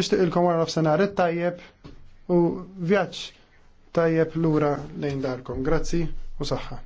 Nishtiq ilkom għara f'senar tajjeb u vjaċ tajjeb l-ura lejn darkom. Grazzi u saħħa.